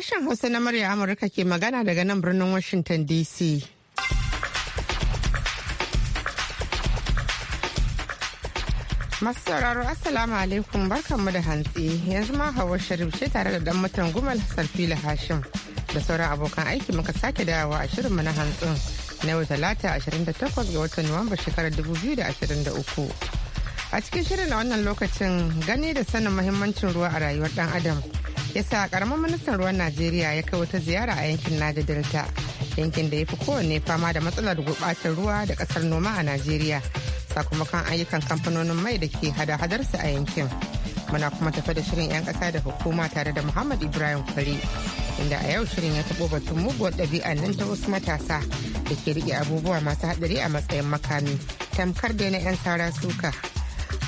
Sashen Hausa na murya Amurka ke magana daga nan birnin Washington DC. Masu sauraro Assalamu alaikum barkanmu da hantsi yanzu ma hawa Sharif ce tare da dan mutan Gumal Sarfila Hashim da sauran abokan aiki muka sake dawowa a shirinmu na hantsin na yau talata 28 ga watan Nuwamba shekarar 2023. A cikin shirin na wannan lokacin gani da sanin mahimmancin ruwa a rayuwar dan Adam. ya sa karamin ministan ruwan najeriya ya kai wata ziyara a yankin naja delta yankin da ya fi kowanne fama da matsalar gurbatar ruwa da kasar noma a najeriya sakamakon ayyukan kamfanonin mai da ke hada-hadarsa a yankin muna kuma tafi da shirin 'yan kasa da hukuma tare da muhammad ibrahim kwari inda a yau shirin ya taɓo batun muguwar ɗabi'a nan ta wasu matasa da ke rike abubuwa masu haɗari a matsayin makami tamkar da na 'yan sara suka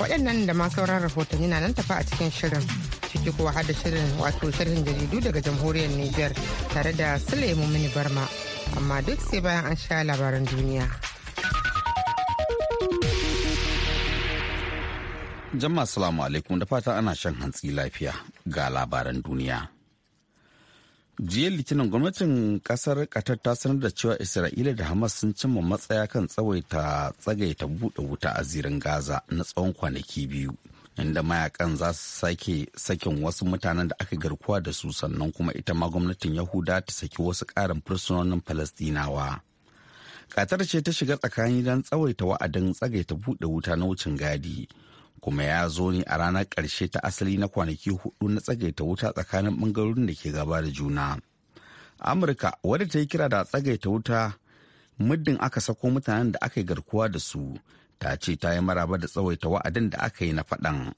waɗannan da ma sauran rahotanni na nan tafi a cikin shirin ciki kuwa har da shirin wato sharhin jaridu daga jamhuriyar Nijar tare da sulaiman Mini Barma. Amma duk sai bayan an sha labaran duniya. Jama'a salamu alaikum da fata ana shan hantsi lafiya ga labaran duniya. jiya litinin gwamnatin kasar qatar ta sanar da cewa isra'ila da hamas sun cimma matsaya kan tsawaita tsagaita buɗe wuta a zirin gaza na tsawon kwanaki biyu inda mayakan za su sake sakin wasu mutanen da aka garkuwa da su sannan kuma ita ma gwamnatin yahuda ta saki wasu ƙarin fursunonin falastinawa katar ce ta shiga tsakani don tsawaita wa'adin tsagaita buɗe wuta na wucin gadi kuma ya zo ne a ranar ƙarshe ta asali na kwanaki hudu na tsagaita wuta tsakanin ɓangarorin da ke gaba da juna amurka wadda ta yi kira da tsagaita wuta muddin aka sako mutanen da aka yi garkuwa da su ta ce ta yi maraba da tsawaita wa'adin da aka yi na faɗan.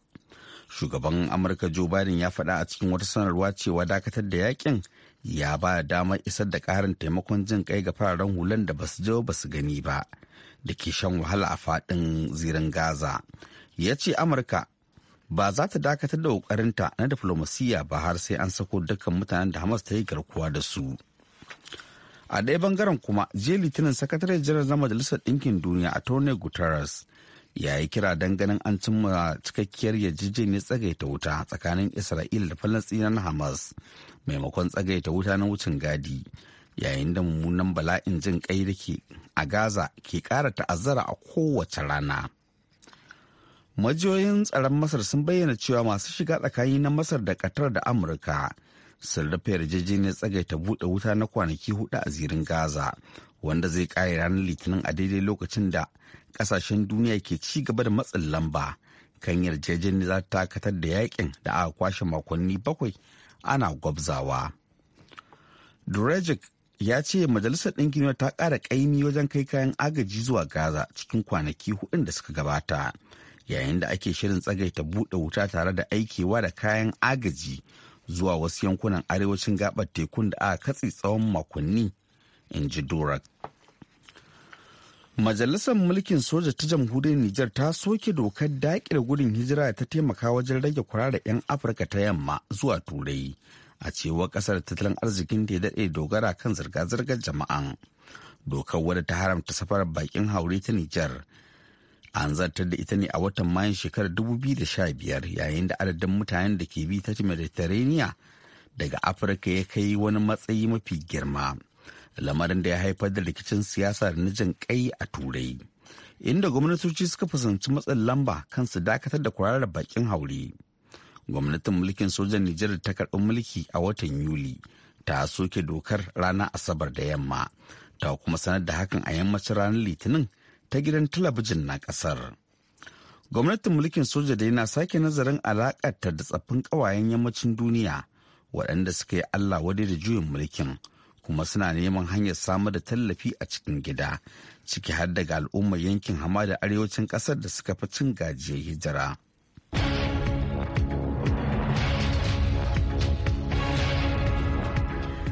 Shugaban Amurka Joe Biden ya faɗa a cikin wata sanarwa cewa dakatar da yakin ya ba damar isar da ƙarin taimakon jin kai ga fararen hulan da basu je ba su gani ba da ke shan wahala a faɗin zirin Gaza. Ya ce Amurka ba za ta dakatar da ƙoƙarinta na diflomasiyya ba har sai an sako dukkan mutanen da Hamas ta yi garkuwa da su. a ɗaya bangaren kuma jiya litinin sakataren jiran na majalisar ɗinkin duniya a tony guterres ya yi kira don ganin an cimma cikakkiyar yarjejeniyar tsagaita wuta tsakanin isra'ila da falastinan hamas maimakon tsagaita wuta na wucin gadi yayin da mummunan bala'in jin kai da ke a gaza ke kara ta'azzara a kowace rana majiyoyin tsaron masar sun bayyana cewa masu shiga tsakani na masar da katar da amurka sarrafa yarjejeniyar tsagaita buɗe wuta na kwanaki hudu a zirin gaza wanda zai kare ranar litinin a daidai lokacin da kasashen duniya ke ci gaba da matsin lamba kan yarjejeniyar za ta takatar da yakin da aka kwashe makonni bakwai ana gwabzawa. ya ce majalisar ɗinkin ta ƙara ƙaimi wajen kai kayan agaji zuwa Gaza cikin kwanaki hudun da suka gabata yayin da ake shirin tsagaita buɗe wuta tare da aikewa da kayan agaji zuwa wasu yankunan arewacin gabar tekun da aka katse tsawon makonni in ji durak. majalisar mulkin soja ta jamhuriyar nijar ta soke dokar daƙile gudun hijira ta taimaka wajen rage kura da 'yan afirka ta yamma zuwa turai a cewar kasar tattalin arzikin da ya daɗe dogara kan zirga-zirgar jama'an dokar wadda ta haramta safarar bakin haure ta nijar an zartar da ita ne a watan mayan shekarar 2015 yayin da adadin mutanen da ke bi ta mediterranean daga afirka ya kai wani matsayi mafi girma lamarin da ya haifar da rikicin siyasa da na jin kai a turai inda gwamnatoci suka fusanci matsin lamba kan su dakatar da kwararar bakin haure gwamnatin mulkin sojan nijar ta karɓi mulki a watan yuli ta soke dokar ranar asabar da yamma ta kuma sanar da hakan a yammacin ranar litinin ta gidan talabijin na kasar. Gwamnatin mulkin soja dai na sake nazarin alakarta da tsaffin ƙawayen yammacin duniya waɗanda suka yi Allah wadai da juyin mulkin kuma suna neman hanyar samar da tallafi a cikin gida ciki har daga al'ummar yankin hamada arewacin ƙasar da suka fi cin gajiyar hijira.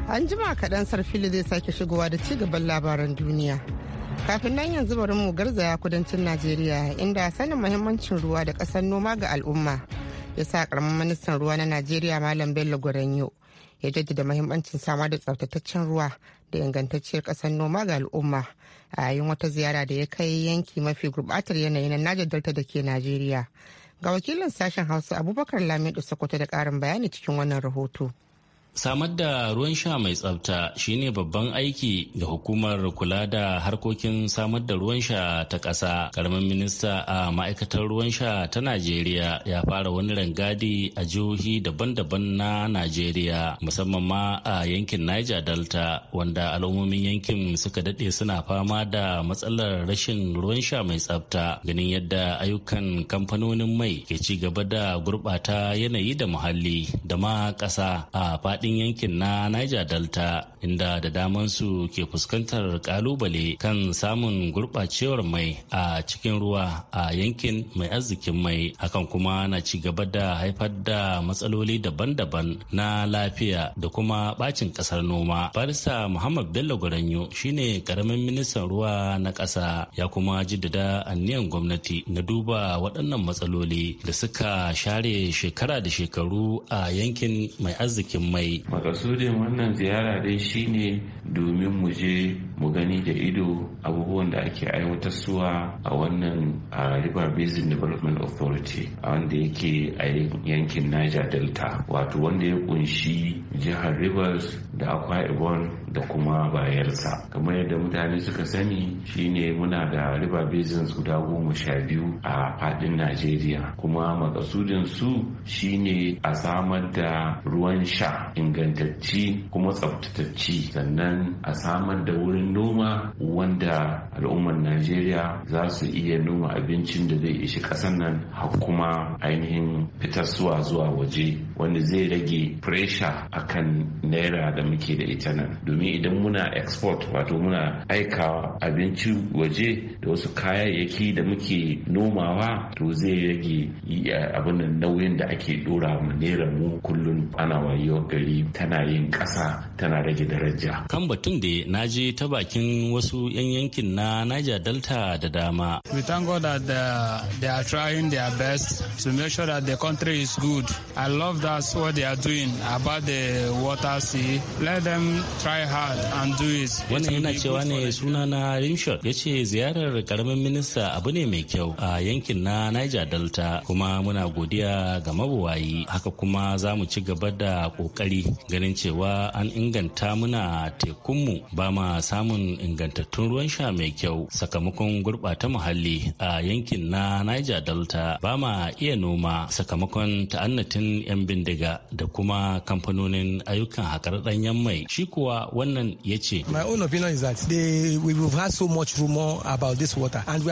An jima kaɗan sarfili zai sake shigowa da ci gaban labaran duniya. kafin nan yanzu bari mu garzaya kudancin najeriya inda sanin mahimmancin ruwa da kasar noma ga al'umma ya sa karamin ministan ruwa na najeriya malam bello gurenyo ya jaddada mahimmancin samar da tsaftataccen ruwa da ingantacciyar kasar noma ga al'umma a yayin wata ziyara da ya kai yanki mafi gurbatar yanayi na najar delta da ke najeriya ga wakilin sashen hausa abubakar lamido sokoto da karin bayani cikin wannan rahoto samar da ruwan sha mai tsabta shine babban aiki ga hukumar kula da harkokin samar da ruwan sha ta ƙasa karamin minista a ma'aikatar ruwan sha ta najeriya ya fara wani rangadi a jihohi daban-daban na najeriya musamman ma a yankin niger delta wanda al'ummomin yankin suka daɗe suna fama da matsalar rashin ruwan sha mai tsabta ganin yadda ayyukan kamfanonin mai ke ci gaba da gurɓata yanayi da muhalli da ma ƙasa a faɗi faɗin yankin na Niger Delta inda da su ke fuskantar kalubale kan samun gurɓacewar mai a cikin ruwa a yankin mai arzikin mai hakan kuma na ci gaba da haifar da matsaloli daban-daban na lafiya da kuma bacin ƙasar noma. farisa Muhammad Bello Guranyo shine karamin ministan ruwa na ƙasa ya kuma jiddada anniyan gwamnati na duba waɗannan matsaloli da suka share shekara da shekaru a yankin mai arzikin mai makasudin wannan ziyara dai shine domin mu je mu gani da ido abubuwan da ake aiwatar suwa a wannan river basin development authority a wanda yake a yankin niger delta wato wanda ya kunshi jihar rivers da akwa ibon da kuma bayelsa kamar yadda mutane suka sani shine muna da river basins guda goma sha biyu a fadin najeriya kuma makasudin su shine a samar da ruwan sha ingantacci kuma tsaftatacci sannan a samar da wurin noma wanda al'ummar najeriya za su iya noma abincin da zai ishi ƙasar nan kuma ainihin fitar suwa zuwa waje wanda zai rage fresha akan naira da muke da ita nan domin idan muna export wato muna aika abinci waje da wasu kayayyaki da muke nomawa to zai rage eh, abin da nauyin da ake dora mu naira mu kullum ana wayo gari tana yin ƙasa tana rage daraja kan batun da naje ta bakin wasu 'yan yankin na Niger Delta da dama. We thank God that they, uh, they are trying their best to make sure that the country is good. I love that what they are doing about the water sea. Let them try hard and do it. Wannan yana cewa ne suna na Rimshot ya ce ziyarar karamin minista abu ne mai kyau a yankin na Niger Delta kuma muna godiya ga mabuwayi haka kuma za mu ci gaba da kokari ganin cewa an inganta muna tekunmu ba ma samun samun ingantattun ruwan sha mai kyau sakamakon gurɓata muhalli a yankin na niger delta ba ma iya noma sakamakon ta'annatin 'yan bindiga da kuma kamfanonin ayyukan haƙar ɗanyen mai shi kuwa wannan ya ce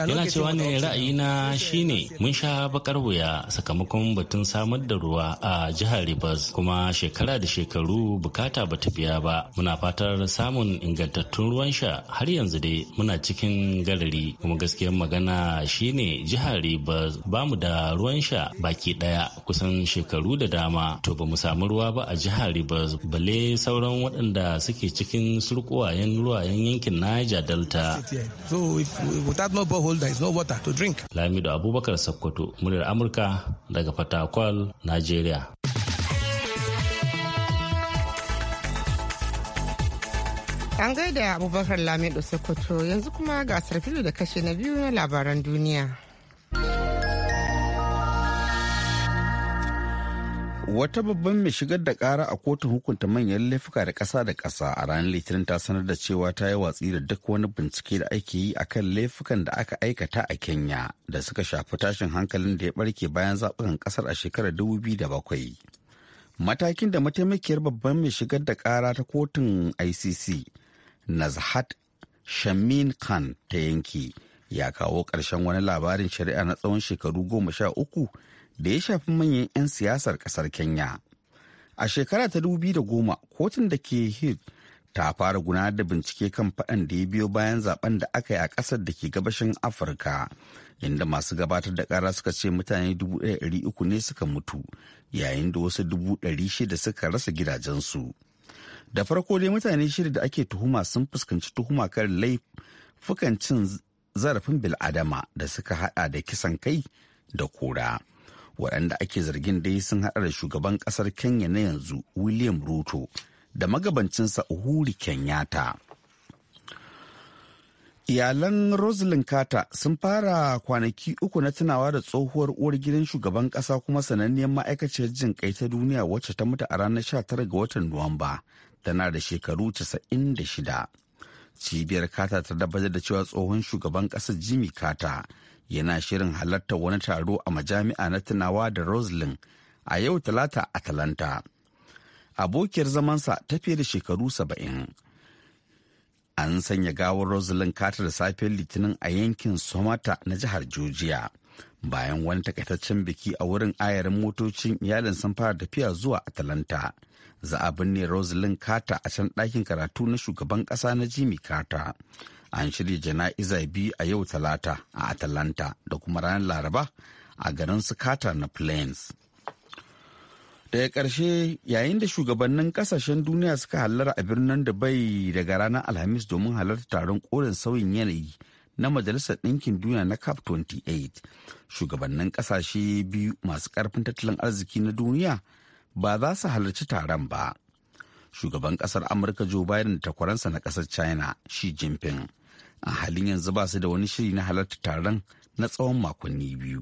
yana cewa ne ra'ayina shine mun sha bakar wuya sakamakon batun samar da ruwa a jihar rivers kuma shekara da shekaru bukata ba ta biya ba muna fatar samun ingantattun ruwan ruwan sha har yanzu dai muna cikin galari kuma gaskiyar magana shine jihar Rivers ba mu da ruwan sha baki daya kusan shekaru da dama to ba mu samu ruwa ba a jihar Rivers balle sauran waɗanda suke cikin surkuwayen ruwayen yankin Niger Delta. So if without no borehole there is no water to drink. Lamido Abubakar Sokoto, muryar Amurka daga Fatakwal, Nigeria. An gaida Abubakar Lamido Sokoto yanzu kuma ga sarfilo da kashe na biyu na labaran duniya. Wata babban mai shigar da kara a kotun hukunta manyan laifuka da ƙasa da ƙasa a ranar Litinin ta sanar da cewa ta yi watsi da duk wani bincike da ake yi a kan laifukan da aka aikata a Kenya da suka shafi tashin hankalin da ya barke bayan zaɓukan ƙasar a shekarar 2007. Matakin da mataimakiyar babban mai shigar da kara ta kotun ICC Nazhat Shamin Khan ta yanki ya kawo ƙarshen wani labarin shari'a na tsawon shekaru goma sha uku da ya shafi manyan 'yan siyasar ƙasar Kenya. A shekara ta dubi da goma kotun da ke hit ta fara gudanar da bincike kan faɗan da ya biyo bayan zaben da aka yi a ƙasar da ke gabashin Afirka, inda masu gabatar da ƙara suka ce mutane uku ne suka mutu, yayin da wasu dubu ɗari shida suka rasa gidajensu. da farko dai mutane shida da ake tuhuma sun fuskanci tuhuma kan laifukan cin zarafin bil'adama da suka hada da kisan kai da kura waɗanda ake zargin dai sun hada da shugaban ƙasar kenya na yanzu william ruto da magabancinsa uhuru kenyatta iyalan rosalind carter sun fara kwanaki uku na tunawa da tsohuwar uwar gidan shugaban kasa kuma sananniyar ma'aikaciyar jin kai ta duniya wacce ta mutu a ranar 19 ga watan nuwamba tana da shekaru 96 cibiyar kata ta tabbatar da cewa tsohon shugaban ƙasar jimmy kata yana shirin halartar wani taro a majami'a na tunawa da roslyn a yau talata a talanta abokiyar zamansa ta fiye da shekaru saba'in an sanya gawar roslyn kata da safiyar litinin a yankin somata na jihar georgia bayan wani takaitaccen biki a wurin ayarin motocin iyalin sun fara tafiya zuwa atalanta za a binne rosalind carter a can ɗakin karatu na shugaban ƙasa na jimmy carter an shirya jana'iza biyu a yau talata a atalanta da kuma ranar laraba a garin su carter na plains daga ƙarshe yayin da shugabannin ƙasashen duniya suka halara a birnin da bai daga ranar alhamis domin halarta taron koren sauyin yanayi na Majalisar Ɗinkin Duniya na CAP28. Shugabannin ƙasashe biyu masu ƙarfin tattalin arziki na duniya ba za su halarci taron ba. Shugaban ƙasar Amurka Joe Biden da takwaransa na ƙasar China Xi Jinping a halin yanzu ba su da wani shiri na halarta taron na tsawon makonni biyu.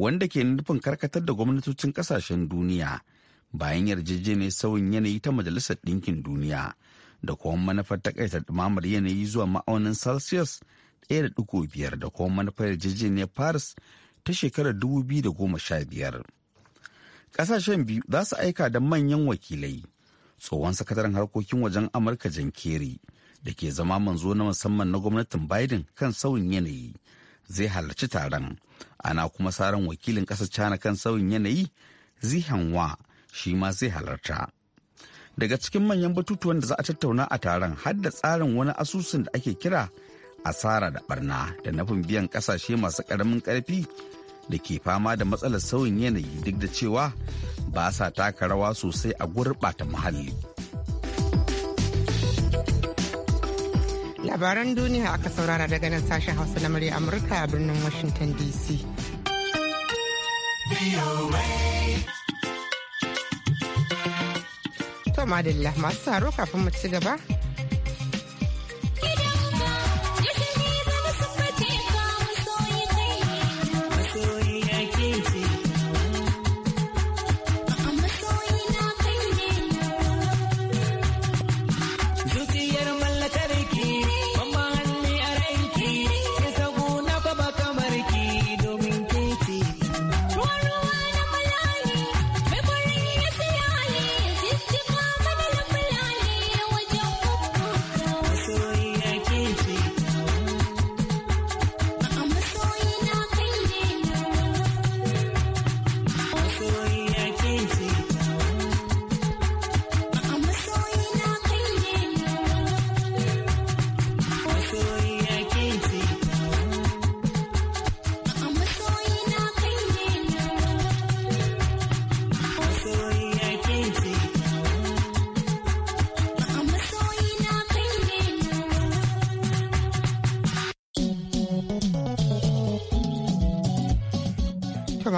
Wanda ke nufin karkatar da gwamnatocin ƙasashen duniya bayan yarjejeniyar sauyin yanayi ta Majalisar Ɗinkin Duniya da kuma manufar takaita ɗumamar yanayi zuwa ma'aunin Celsius 1.5 da kuma manufar yarjejeniyar paris ta shekarar 2015 kasashen biyu za su aika da manyan wakilai tsohon sakataren harkokin wajen amurka jan kerry da ke zama manzo na musamman na gwamnatin biden kan sauyin yanayi zai halarci taron ana kuma saran wakilin ƙasar china kan sauyin yanayi Zihan Wa shi ma zai halarta daga cikin manyan batutuwan da za a tattauna a taron har da tsarin wani asusun da ake kira asara da barna da nufin biyan kasashe masu ƙaramin ƙarfi da ke fama da matsalar sauyin yanayi duk da cewa ba sa taka rawa sosai a gurɓata muhalli. Labaran duniya aka saurara daga nan sashen Hausa na murya Amurka a birnin Washington DC. To madalla masu taro kafin mu ci gaba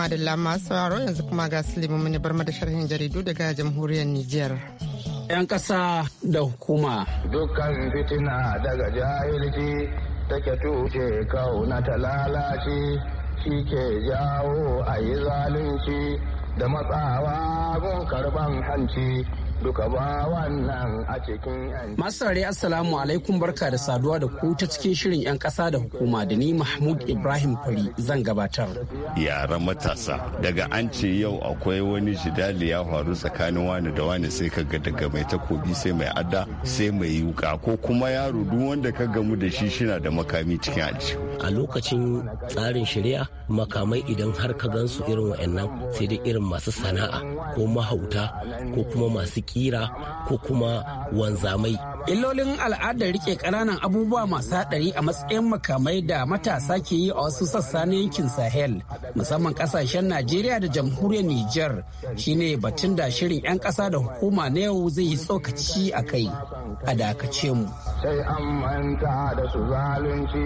madalla masu sauraro yanzu kuma ga Suleiman mini barma da sharhin jaridu daga jamhuriyar Nijar. 'Yan ƙasa da hukuma. Dukkan fitina daga jahilci take tuce kauna ta lalace shi ke jawo a yi zalunci da matsawa gun karban hanci. duka ba wannan a cikin Masu saurare Assalamu alaikum barka da saduwa da ku ta cikin shirin 'yan kasa da hukuma da ni Mahmud Ibrahim fari zan gabatar. Yaran matasa daga an ce yau akwai wani jidali ya faru tsakanin wani da wani sai ka ga daga mai takobi sai mai adda sai mai yuka ko kuma yaro duk wanda ka gamu da shi shina da makami cikin aljihu. a lokacin tsarin shari'a makamai idan har ka gansu irin wa'annan sai dai irin masu sana'a ko mahauta ko kuma masu kira ko kuma wanzamai illolin al'adar rike ƙananan abubuwa masu haɗari a matsayin makamai da matasa ke yi a wasu sassa na yankin sahel musamman ƙasashen najeriya da jamhuriyar niger shine batun da shirin 'yan ƙasa da hukuma na yau zai yi tsokaci a kai a dakace mu sai an da su zalunci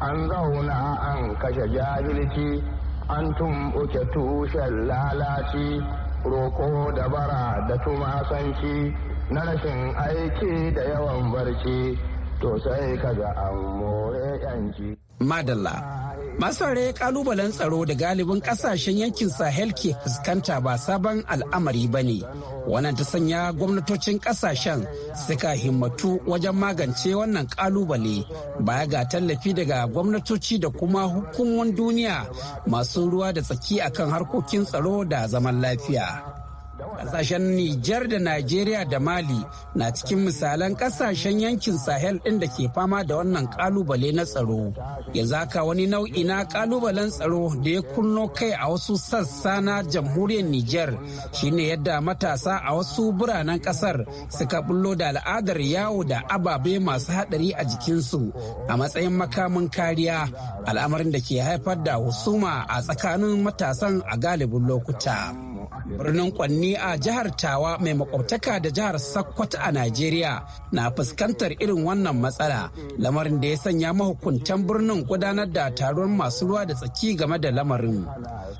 an zauna an kashe jahilci an tumɓuke tushen lalaci roko da bara da tumasanci na rashin aiki da yawan barci to sai kaga an more yanci madalla Masu ƙalubalen kalubalen tsaro da galibin kasashen yankin Sahel ke fuskanta ba sabon al'amari ba ne. Wannan ta sanya gwamnatocin kasashen suka himmatu wajen magance wannan kalubale baya ga tallafi daga gwamnatoci da kuma hukumomin duniya masu ruwa da tsaki akan harkokin tsaro da zaman lafiya. Ƙasashen Nijar da Najeriya da Mali na cikin misalan ƙasashen yankin Sahel ɗin da ke fama da wannan ƙalubale na tsaro. Ya zaka wani nau'i na ƙalubalen tsaro da ya kunno kai a wasu sassa na jamhuriyar Nijar shine yadda matasa a wasu biranen ƙasar suka bullo da al'adar yawo da ababe masu haɗari a jikinsu a matsayin makamin kariya al'amarin da ke haifar da husuma a tsakanin matasan a galibin lokuta. Birnin Kwanni a jihar Tawa mai makwabtaka da jihar Sakkwato a Najeriya na fuskantar irin wannan matsala, lamarin da ya sanya mahukuntan birnin gudanar da taron masu ruwa da tsaki game da lamarin.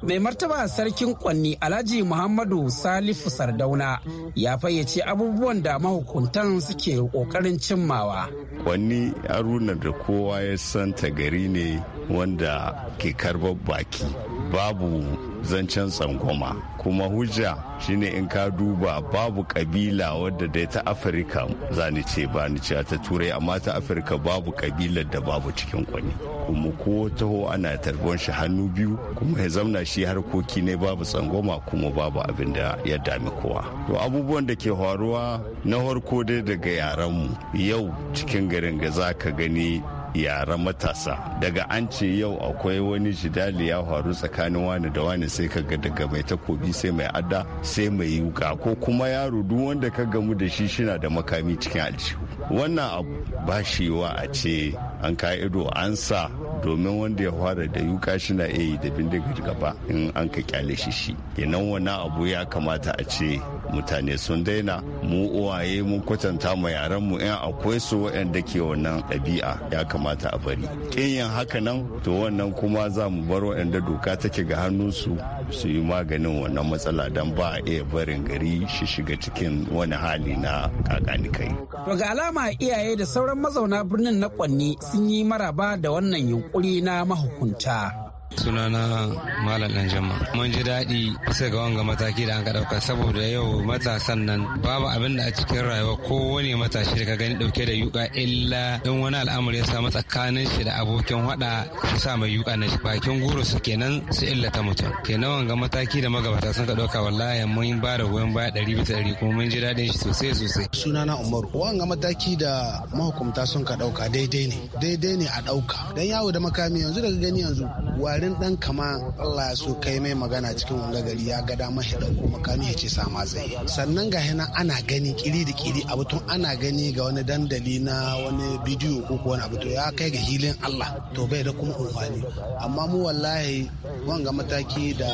Mai martaba sarkin Kwanni Alhaji Muhammadu Salifu Sardauna ya fayyace abubuwan da mahukuntan suke ƙoƙarin cimmawa. Kwanni haruna da kowa ya santa gari ne wanda ke karbar baki. babu zancen tsangoma kuma hujja shine in ka duba babu kabila wadda dai ta afirka ni ce ba ni ce ta turai amma ta afirka babu kabilar da babu cikin kwani kuma ko taho ana tarbon shi hannu biyu kuma ya zamna shi harkoki ne babu tsangoma kuma babu abin da ya dami kowa to abubuwan da ke faruwa na farko dai daga mu yau cikin garin ga za ka gani yaran matasa daga an ce yau akwai wani jidali ya faru tsakanin wani da wani sai ka ga daga mai takobi sai mai adda sai mai yuka ko kuma yaro duk wanda ka gamu da shi shina da makami cikin aljihu wannan abu ba shi yiwa a ce an ka ido an sa domin wanda ya fara da yuka shi na iya yi da bindigar gaba in an ka kyale shi shi kenan wani abu ya kamata a ce mutane sun daina mu uwaye mun kwatanta ma yaran mu in akwai su waɗanda ke wannan ɗabi'a ya kamata a bari kin yin haka nan to wannan kuma za mu bar waɗanda doka take ga hannunsu su yi maganin wannan matsala don ba a iya barin gari shi shiga cikin wani hali na kakanikai. To ga alama iyaye da sauran mazauna birnin na kwanni sun yi maraba da wannan yunkuri na mahukunta sunana malam dan jama mun ji daɗi bisa ga wanga mataki da an ka ɗauka saboda yau matasan nan babu abin da a cikin rayuwa ko wani matashi da ka gani ɗauke da yuka illa in wani al'amari ya samu tsakanin shi da abokin hada su sa mai yuka na shi bakin goro su kenan su illata mutum kenan wanga mataki da magabata sun ka ɗauka wallahi mun ba da goyon baya ɗari bisa ɗari kuma mun ji daɗin shi sosai sosai. sunana umaru wanga mataki da mahukumta sun ka ɗauka daidai ne daidai ne a ɗauka dan yawo da makami yanzu daga gani yanzu warin dan kama Allah ya so kai mai magana cikin wanga gari ya ga da shi dauko makami ya ce sama zai sannan ga hina ana gani kiri da kiri abu tun ana gani ga wani dandali na wani bidiyo ko wani abu to ya kai ga hilin Allah to bai da kuma umfani amma mu wallahi wanga mataki da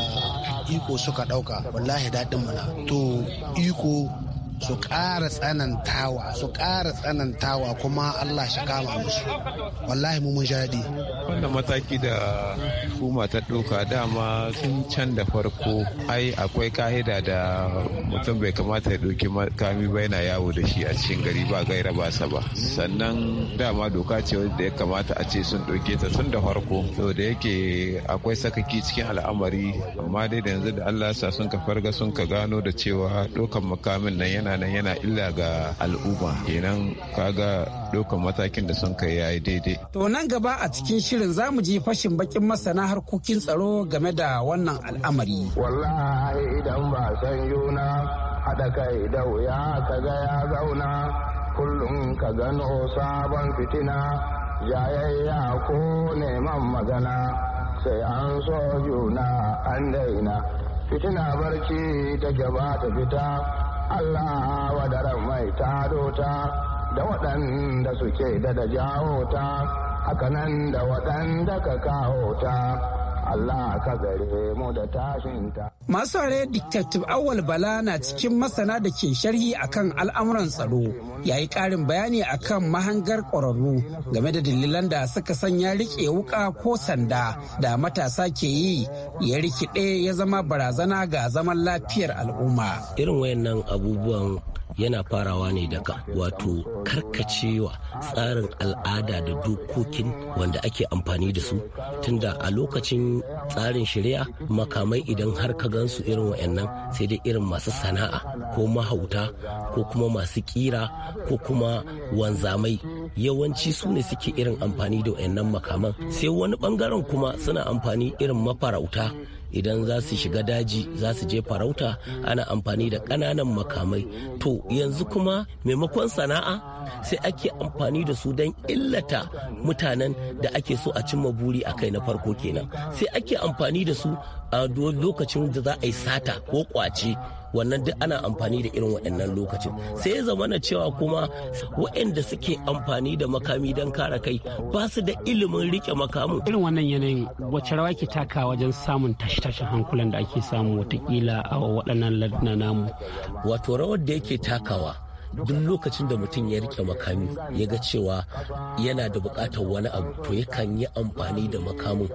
iko suka dauka wallahi daɗin mana to iko su ƙara tsanantawa su ƙara tsanantawa kuma Allah shi kama musu wallahi mu mun jaɗi wannan mataki da kuma ta ɗauka dama sun can da farko ai akwai ka'ida da mutum bai kamata ya ɗauki makami ba yana yawo da shi a cikin gari ba gaira ba sa ba sannan dama doka ce da ya kamata a ce sun ɗauke ta tun da farko to da yake akwai sakaki cikin al'amari amma dai da yanzu da Allah sa sun ka farga sun ka gano da cewa ɗaukan makamin nan yana yana nan yana illa ga al'umma kenan kaga ɗaukan matakin da sun kai yayi daidai. To nan gaba a cikin shirin za mu ji fashin bakin masana harkokin tsaro game da wannan al'amari. Wallahi idan ba san yuna haɗa kai da wuya ka ga ya zauna kullum ka gano sabon fitina yayayya ko neman magana sai an so juna an daina fitina barci ta gaba ta fita Allah wa wadaran mai taro ta da waɗanda suke da da jawo ta hakanan da waɗanda ka kawo ta Allah ka gare mu da tashinta. masu ware detective awal bala na cikin masana da ke sharhi akan al'amuran tsaro ya yi karin bayani akan mahangar ƙwararru game da dalilan da suka sanya riƙe wuka ko sanda da matasa ke yi ya rikide ya zama barazana ga zaman lafiyar al'umma irin wayannan abubuwan yana farawa ne daga wato karkacewa tsarin al'ada da dokokin wanda ake amfani da su tunda a lokacin tsarin shari'a makamai idan har ka gansu irin wa'annan sai dai irin masu sana'a ko mahauta ko kuma masu kira ko kuma wanzamai yawanci su ne suke irin amfani da wa'annan makaman sai wani bangaren kuma suna amfani irin mafarauta idan za su shiga daji za su je farauta ana amfani da ƙananan makamai to yanzu kuma maimakon sana'a sai ake amfani da su don illata mutanen da ake so a cimma buri a kai na farko kenan sai ake amfani da su a lokacin da za a yi sata ko ƙwace. wannan duk ana amfani da irin waɗannan lokacin sai ya zama na cewa kuma waɗanda suke amfani da makami don kare kai ba su da ilimin rike makamu irin wannan yanayin wacce rawa ke taka wajen samun tashi tashin hankulan da ake samu watakila a waɗannan larduna namu wato rawar da yake takawa duk lokacin da mutum ya rike makami ya ga cewa yana da bukatar wani abu to yakan yi amfani da makamin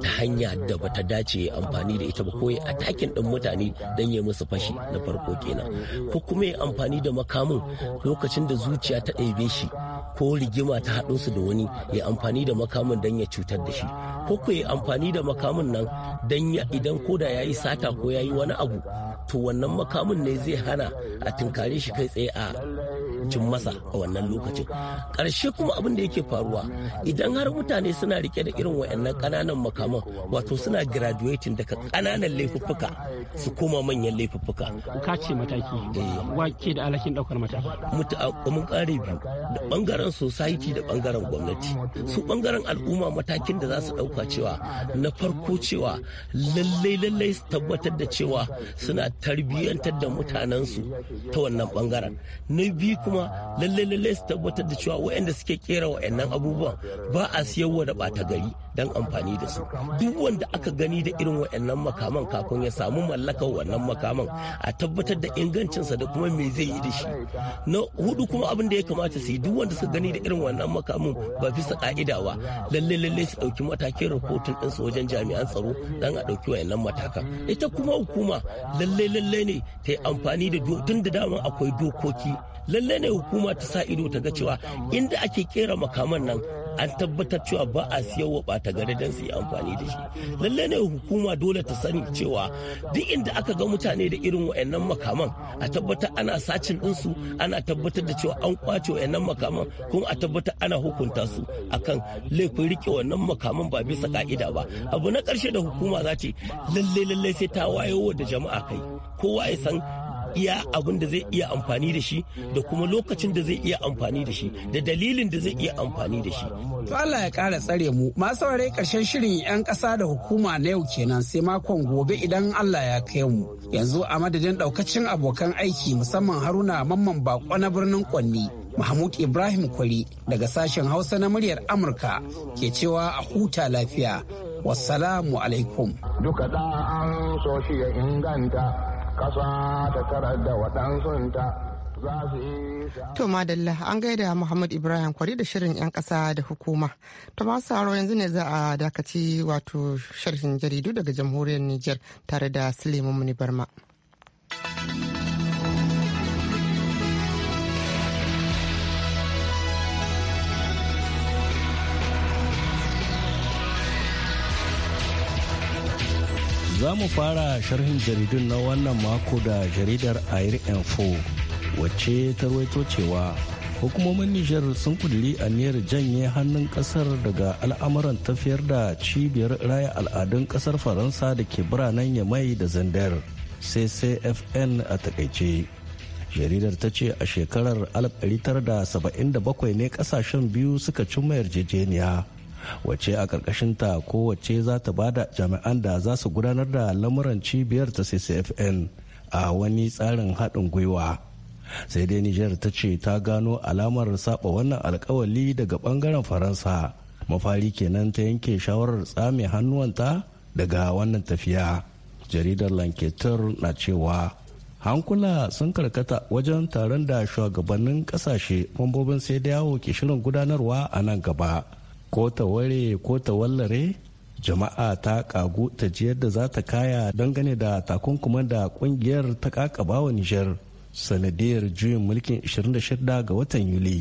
ta hanya da bata dace ya amfani da ita ba ko ya atakin ɗin mutane don ya musu fashi na farko kenan ko kuma ya amfani da makamin lokacin da zuciya ta ɗebe shi ko rigima ta haɗu su da wani ya amfani da makamin don ya cutar da shi ko ku ya amfani da makamin nan don ya idan koda ya yi sata ko ya yi wani abu to wannan makamin ne zai hana a tunkare shi kai tsaye a cin masa a wannan lokacin ƙarshe kuma abin da yake faruwa idan har mutane suna rike da irin wayannan ƙananan makaman wato suna graduating daga kananan laifuffuka su koma manyan laifuffuka ka ce mataki eh. wake da alhakin ɗaukar mataki mutu mun ƙare biyu da bangaren society da bangaren gwamnati su bangaren al'umma matakin da za su ɗauka cewa na farko cewa lallai lallai su tabbatar da cewa suna tarbiyyantar da mutanensu ta wannan bangaren. na biyu kuma lalle lalle su tabbatar da cewa waɗanda suke kera waɗannan abubuwan ba a siyarwa da ɓata gari don amfani da su duk wanda aka gani da irin waɗannan makaman kafin ya samu mallakar wannan makaman a tabbatar da ingancinsa da kuma me zai yi da shi na hudu kuma abin da ya kamata su yi duk wanda suka gani da irin wannan makaman ba bisa ka'ida ba lalle lalle su ɗauki matakin rahoton su wajen jami'an tsaro dan a ɗauki wayannan matakan ita kuma hukuma lalle lalle ne ta yi amfani da tun da dama akwai dokoki lalle ne hukuma ta sa ido ta ga cewa inda ake kera makaman nan an tabbatar cewa ba a siyar wa bata gare don su yi amfani da shi lalle ne hukuma dole ta sani cewa duk inda aka ga mutane da irin wayannan makaman a tabbatar ana sacin ɗinsu ana tabbatar da cewa an kwace wayannan makaman kuma a tabbatar ana hukunta su akan laifin rike wannan makaman ba bisa ka'ida ba abu na ƙarshe da hukuma za ta lalle lalle sai ta wayo da jama'a kai kowa ya san iya abin da zai iya amfani da shi da kuma lokacin da zai iya amfani da shi da dalilin da zai iya amfani da shi. To Allah ya kara tsare mu masu saurayi karshen shirin 'yan ƙasa da hukuma na yau kenan sai makon gobe idan Allah ya kai mu. Yanzu a madadin ɗaukacin abokan aiki musamman Haruna Mamman Bako na birnin Kwanni. Mahmud Ibrahim Kwari daga sashen Hausa na muryar Amurka ke cewa a huta lafiya. Wassalamu alaikum. Duka da an so shi ya inganta, kasa ta tarar da waɗansunta. To madalla an gaida Muhammad Ibrahim kwari da shirin 'yan ƙasa da hukuma. To masu haro yanzu ne za a dakaci wato sharhin jaridu daga jamhuriyar Nijar tare da Suleiman Muni Barma. Za mu fara sharhin jaridun na wannan mako da jaridar Air Info wacce ta ruwaito cewa hukumomin Nijar sun kuduri niyyar janye hannun kasar daga al'amuran tafiyar da cibiyar raya al'adun kasar Faransa da ke biranen Yamai da Zandar CCFN a takaice. jaridar ta ce a shekarar 1977 ne kasashen biyu suka cimma yarjejeniya wace a ƙarƙashinta kowace za ta bada jami'an da za su gudanar da lamuran cibiyar ta ccfn a wani tsarin haɗin gwiwa sai dai nijar ta ce ta gano alamar saba wannan alkawali daga bangaren faransa mafari kenan ta yanke shawarar tsame hannuwanta daga wannan tafiya jaridar lanketer na cewa hankula sun karkata wajen taron da shugabannin kasashe mambobin sai da yawo ke shirin gudanarwa a nan gaba ko ta ware ko ta wallare jama'a ta kagu ta ji yadda za ta kaya dangane da takunkuman da kungiyar ta kakaba wa nijar sanadiyar juyin mulkin 26 ga watan yuli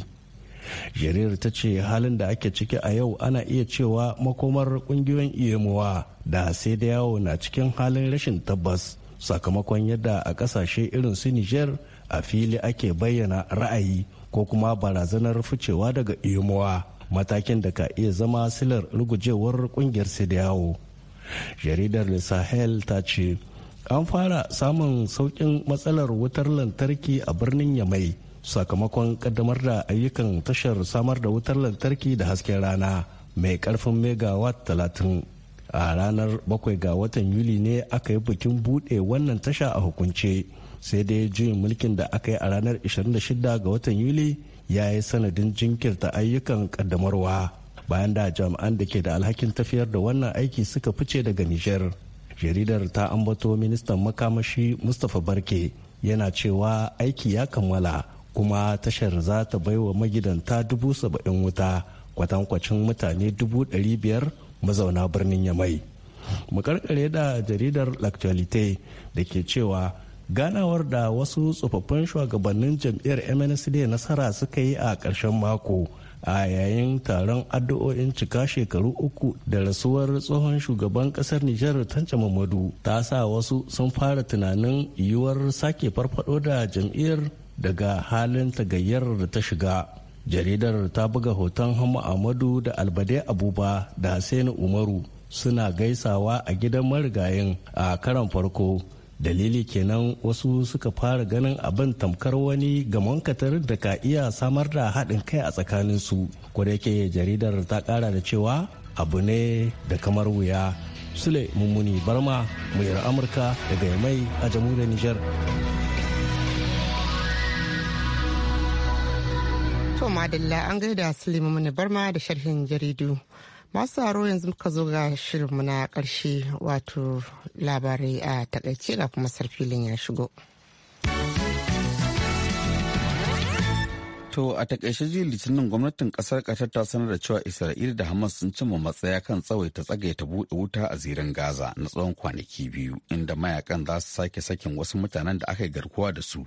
jarir ta ce halin da ake ciki a yau ana iya cewa makomar kungiyoyin iyamuwa da sai da yawo na cikin halin rashin tabbas sakamakon yadda a kasashe irin su Nijar a fili ake bayyana ra'ayi ko kuma barazanar ficewa daga iyamuwa matakin da ka iya zama silar rugujewar kungiyar yawo jaridar sahel ta ce an fara samun sauƙin matsalar wutar lantarki a birnin yamai sakamakon kaddamar da ayyukan tashar samar da wutar lantarki da hasken rana mai karfin megawatt talatin a ranar bakwai ga watan yuli ne aka yi bikin bude wannan tasha a hukunce sai dai juyin mulkin da aka yi a ranar 26 ga watan yuli ya yi sanadin jinkirta ayyukan kaddamarwa bayan da jami'an da ke da alhakin tafiyar da wannan aiki suka fice daga nijar jaridar ta ambato ministan makamashi mustapha barke yana cewa aiki ya kammala kuma tashar za ta baiwa magidanta dubu saba'in wuta kwatankwacin mutane dubu ɗari biyar mazauna birnin yamai mu da jaridar l'actualité da ke cewa ganawar da wasu tsofaffin shugabannin jam'iyyar mnsd nasara suka yi a ƙarshen mako a yayin taron addu'o'in cika shekaru uku da rasuwar tsohon shugaban ƙasar Nijar Tanja Mamadu ta sa wasu sun fara tunanin yiwuwar sake farfado da jam'iyyar daga halin tagayyar da ta shiga. Jaridar ta buga hoton Hamma Amadu da Albade Abuba da Hassan Umaru suna gaisawa a gidan marigayin a karan farko dalili kenan wasu suka fara ganin abin tamkar wani gamon katar da ka iya samar da haɗin kai a tsakaninsu yake jaridar ta ƙara da cewa abu ne da kamar wuya sule mummuni barma muryar amurka daga yamai a jamhuriyar nijar to madalla an gaida sule mummuni barma da sharhin jaridu masu aro yanzu muka zo ga shirinmu na karshe wato labarai a takaice ga kuma sarfilin ya shigo to a takaice jiya litinin gwamnatin kasar qatar ta sanar da cewa isra'ila da hamas sun cimma matsaya kan tsawaita ta buɗe wuta a zirin gaza na tsawon kwanaki biyu inda mayakan za su sake sakin wasu mutanen da aka yi garkuwa da su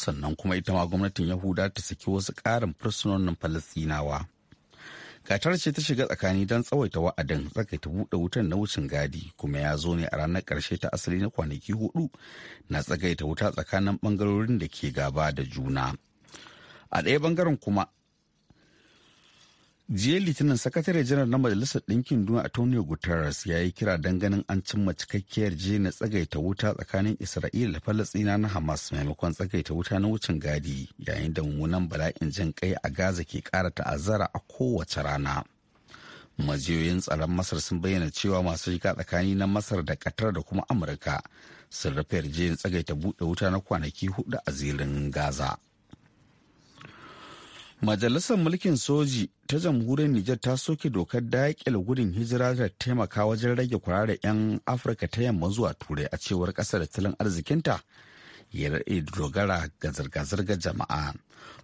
sannan kuma ita ma gwamnatin yahuda ta saki wasu ƙarin fursunonin falasinawa katar ce ta shiga tsakani don tsawaita wa'adin ta buɗe wutar na wucin gadi kuma ya zo ne a ranar karshe ta asali na kwanaki hudu na tsagaita wuta tsakanin bangarorin da ke gaba da juna a ɗaya bangaren kuma jiya litinin sakatare janar na majalisar ɗinkin duniya antonio guterres ya yi kira ganin an cimma cikakkiyar na tsagaita wuta tsakanin isra'ila da falastina na hamas maimakon tsagaita wuta na wucin gadi yayin da mummunan bala'in jin kai a gaza ke kara ta'azzara a kowace rana majiyoyin tsaron masar sun bayyana cewa masu shiga tsakani na masar da qatar da kuma amurka sun rufe yarjejeniyar tsagaita buɗe wuta na kwanaki hudu a zirin gaza Majalisar Mulkin Soji ta Jamhuriyar Nijar ta soke dokar daƙil gudun hijira da taimaka wajen rage kwararar 'yan Afirka ta yamma zuwa Turai a cewar ƙasar tattalin arzikinta ya raɗe dogara ga zirga-zirgar jama'a.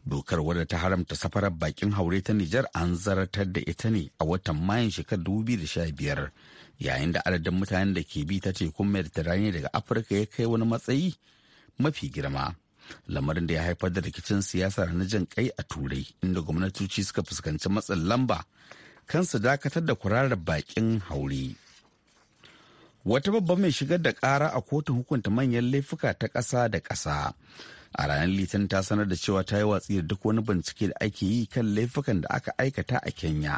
Dokar wadda ta haramta safarar bakin haure ta Nijar an zartar da ita ne a watan Mayun shekarar 2015 yayin da adadin mutanen da ke bi ta tekun Mediterranean daga Afirka ya kai wani matsayi mafi girma. lamarin da ya haifar da rikicin siyasa na jin kai a turai inda gwamnatoci suka fuskanci matsin lamba kansu dakatar da kurarar bakin haure wata babban mai shigar da kara a kotun hukunta manyan laifuka ta ƙasa da ƙasa a ranar litinin ta sanar da cewa ta yi watsi da duk wani bincike da ake yi kan laifukan da aka aikata a kenya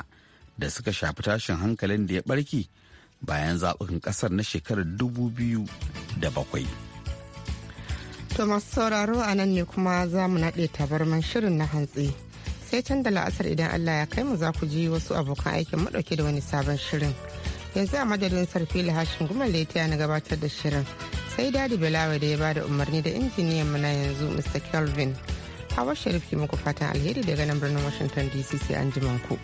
da suka shafi tashin hankalin da ya barki bayan zaɓukan ƙasar na shekarar 2007 To masu sauraro a nan ne kuma za mu naɗe tabarman shirin na hantsi. Sai can da la'asar idan Allah ya kai mu za ku ji wasu abokan aikin ɗauke da wani sabon shirin. Yanzu a madadin sarfi lahashin gumal da ya na gabatar da shirin. Sai dadi bilawa da ya ba da umarni da injiniyan mu na yanzu Mr. Kelvin. Hawa Sharif muku fatan alheri daga nan birnin Washington DC sai an ku.